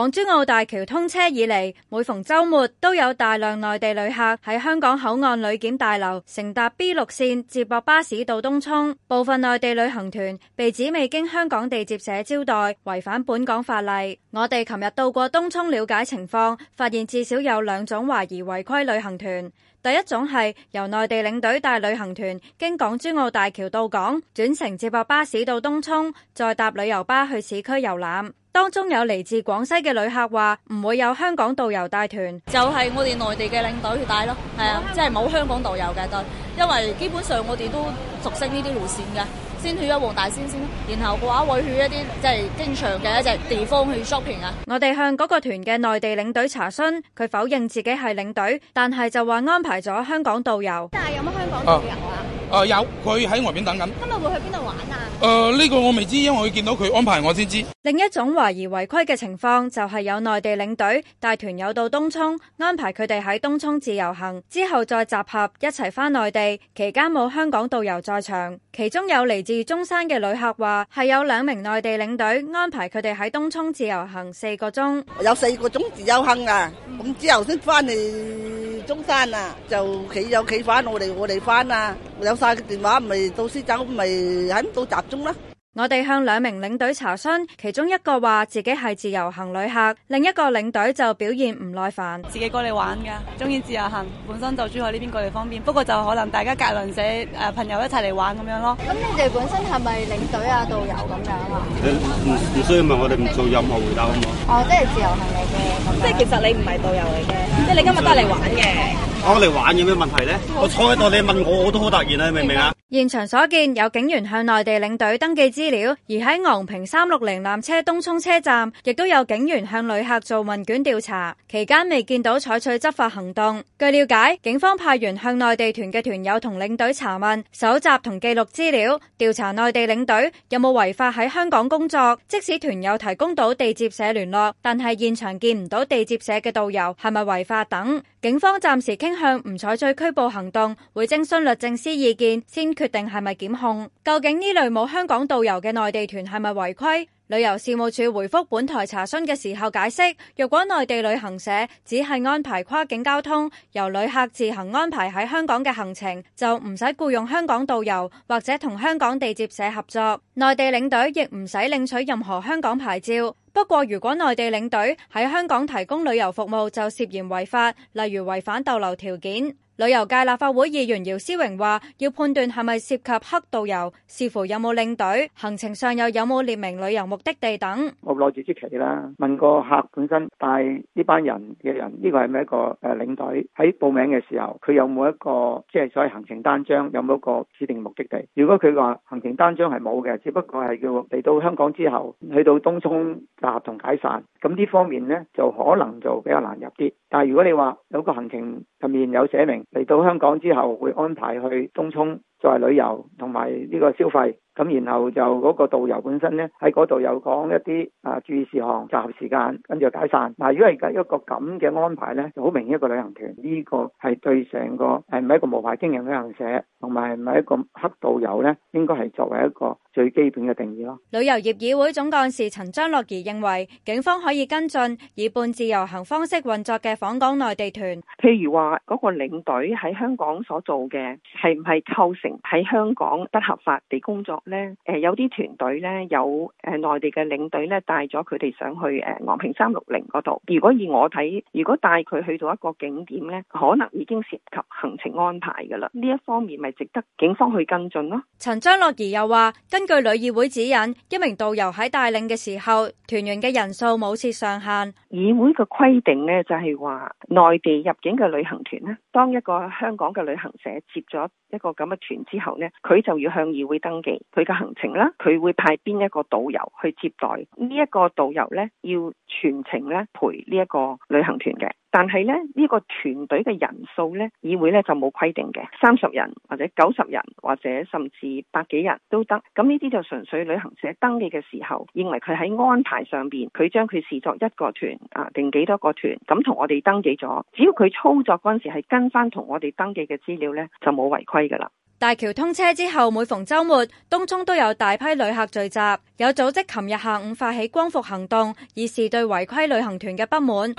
港珠澳大橋通車以嚟，每逢周末都有大量內地旅客喺香港口岸旅檢大樓乘搭 B 六綫接駁巴士到東涌。部分內地旅行團被指未經香港地接社招待，違反本港法例。我哋琴日到過東涌了解情況，發現至少有兩種懷疑違規旅行團。第一種係由內地領隊帶旅行團，經港珠澳大橋到港，轉乘接駁巴士到東涌，再搭旅遊巴去市區遊覽。當中有嚟自廣西嘅旅客話，唔會有香港導遊帶團，就係我哋內地嘅領隊去帶咯。係啊，即係冇香港導遊嘅，對，因為基本上我哋都熟悉呢啲路線嘅。先去咗黃大仙先，然後嘅話會去一啲即係經常嘅一隻地方去 shopping 啊。我哋向個團嘅內地領隊查詢，佢否認自己係領隊，但係就話安排咗香港導遊。但係有冇香港導遊啊？Oh. 誒，有佢喺外面等緊。今日會去邊度玩啊？誒、呃，呢、呢個我未知，因為我見到佢安排我先知。另一種懷疑違規嘅情況就係有內地領隊帶團友到東涌，安排佢哋喺東涌自由行，之後再集合一齊返內地，期間冇香港導遊在場。其中有嚟自中山嘅旅客話，係有兩名內地領隊安排佢哋喺東涌自由行四個鐘，有四個鐘自由行啊，咁之後先翻嚟。中山啊，就佢有佢翻，我哋我哋翻啊，有晒個電話咪到獅山，咪係喺度集中咯。我哋向兩名領隊查詢，其中一個話自己係自由行旅客，另一個領隊就表現唔耐煩。自己過嚟玩噶，中意自由行，本身就珠海呢邊過嚟方便，不過就可能大家隔鄰舍誒朋友一齊嚟玩咁樣咯。咁你哋本身係咪領隊啊導遊咁樣啊？唔唔需要問我哋唔做任何回答好唔好？ 哦，即係自由行嚟嘅，即係其實你唔係導遊嚟嘅，需即係你今日都係嚟玩嘅，嗯。我嚟玩有咩問題咧？像我坐喺度你問我，我都好突然啊，明唔明啊？ 現場所見有警員向內地領隊登記資料，而喺昂坪三六零纜車東涌車站，亦都有警員向旅客做問卷調查。期間未見到採取執法行動。據了解，警方派員向內地團嘅團友同領隊查問、搜集同記錄資料，調查內地領隊有冇違法喺香港工作。即使團友提供到地接社聯絡，但係現場見唔到地接社嘅導遊係咪違法等，警方暫時傾向唔採取拘捕行動，會徵詢律政司意見先。決定係咪檢控？究竟呢類冇香港導遊嘅內地團係咪違規？旅遊事務署回覆本台查詢嘅時候解釋，如果內地旅行社只係安排跨境交通，由旅客自行安排喺香港嘅行程，就唔使僱用香港導遊，或者同香港地接社合作。內地領隊亦唔使領取任何香港牌照，不過如果內地領隊喺香港提供旅遊服務就涉嫌違法，例如違反逗留條件。旅遊界立法會議員姚思榮話，要判斷係咪涉及黑導遊，視乎有冇領隊，行程上又有冇列明旅遊目的的地等，我攞住支旗啦。問個客本身帶呢班人嘅人，呢個係咪一個誒領隊？喺報名嘅時候，佢有冇一個即係所謂行程單張？有冇一個指定目的地？如果佢話行程單張係冇嘅，只不過係叫嚟到香港之後去到東涌集合同解散，咁呢方面呢，就可能就比較難入啲。但係如果你話有個行程入面有寫明嚟到香港之後會安排去東涌作為旅遊同埋呢個消費。咁然後就嗰個導遊本身咧喺嗰度有講一啲啊注意事項，集合時間，跟住解散。嗱，如果係一個咁嘅安排咧，就好明顯一個旅行團呢、這個係對成個係唔係一個無牌經營旅行社，同埋唔係一個黑導遊咧，應該係作為一個最基本嘅定義咯。旅遊業議會總幹事陳張樂怡認為警方可以跟進以半自由行方式運作嘅訪港內地團，譬如話嗰、嗰個領隊喺香港所做嘅係唔係構成喺香港不合法地工作。咧、呃，誒有啲團隊咧，有誒、呃、內地嘅領隊咧，帶咗佢哋上去誒昂、呃、坪三六零嗰度。如果以我睇，如果帶佢去到一個景點咧，可能已經涉及行程安排嘅啦。呢一方面咪值得警方去跟進咯。陳張樂怡又話：根據旅議會指引，一名導遊喺帶領嘅時候，團員嘅人數冇設上限。議會嘅規定呢，就係、是、話內地入境嘅旅行團咧，當一個香港嘅旅行社接咗一個咁嘅團之後呢，佢就要向議會登記。佢嘅行程啦，佢會派邊一個導遊去接待、這個、呢一個導遊咧，要全程咧陪呢一個旅行團嘅。但係咧，呢、這個團隊嘅人數咧，議會咧就冇規定嘅，三十人或者九十人或者甚至百幾人都得。咁呢啲就純粹旅行社登記嘅時候認為佢喺安排上邊，佢將佢視作一個團啊定幾多個團，咁同我哋登記咗，只要佢操作嗰陣時係跟翻同我哋登記嘅資料咧，就冇違規噶啦。大橋通車之後，每逢周末，東涌都有大批旅客聚集。有組織琴日下午發起光復行動，以示對違規旅行團嘅不滿。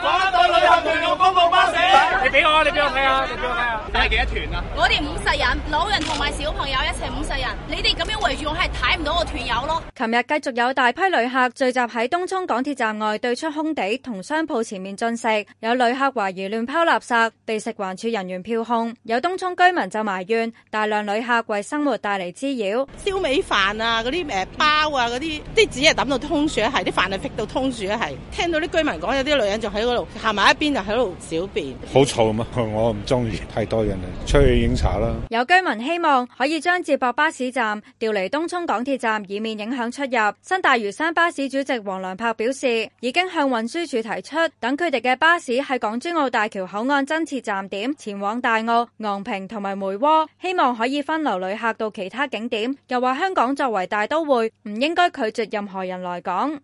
俾我，你俾我咩啊？你俾我咩啊？帶幾多團啊？團啊，我哋五十人，老人同埋小朋友一齊五十人。你哋咁樣圍住我，係睇唔到我團友咯。琴日繼續有大批旅客聚集喺東涌港鐵站外，對出空地同商鋪前面進食。有旅客懷疑亂拋垃圾，被食環署人員票控。有東涌居民就埋怨大量旅客為生活帶嚟滋擾。燒味飯啊，嗰啲誒包啊，嗰啲啲紙啊抌到通處一係，啲飯啊 f 到通處啊。係。聽到啲居民講，有啲女人仲喺嗰度行埋一邊，就喺度小便。好 我唔中意太多人啦，出去飲茶啦。有居民希望可以將接駁巴士站調離東涌港鐵站，以免影響出入。新大嶼山巴士主席黃良柏表示，已經向運輸署提出，等佢哋嘅巴士喺港珠澳大橋口岸增設站點，前往大澳、昂坪同埋梅窩，希望可以分流旅客到其他景點。又話香港作為大都會，唔應該拒絕任何人來港。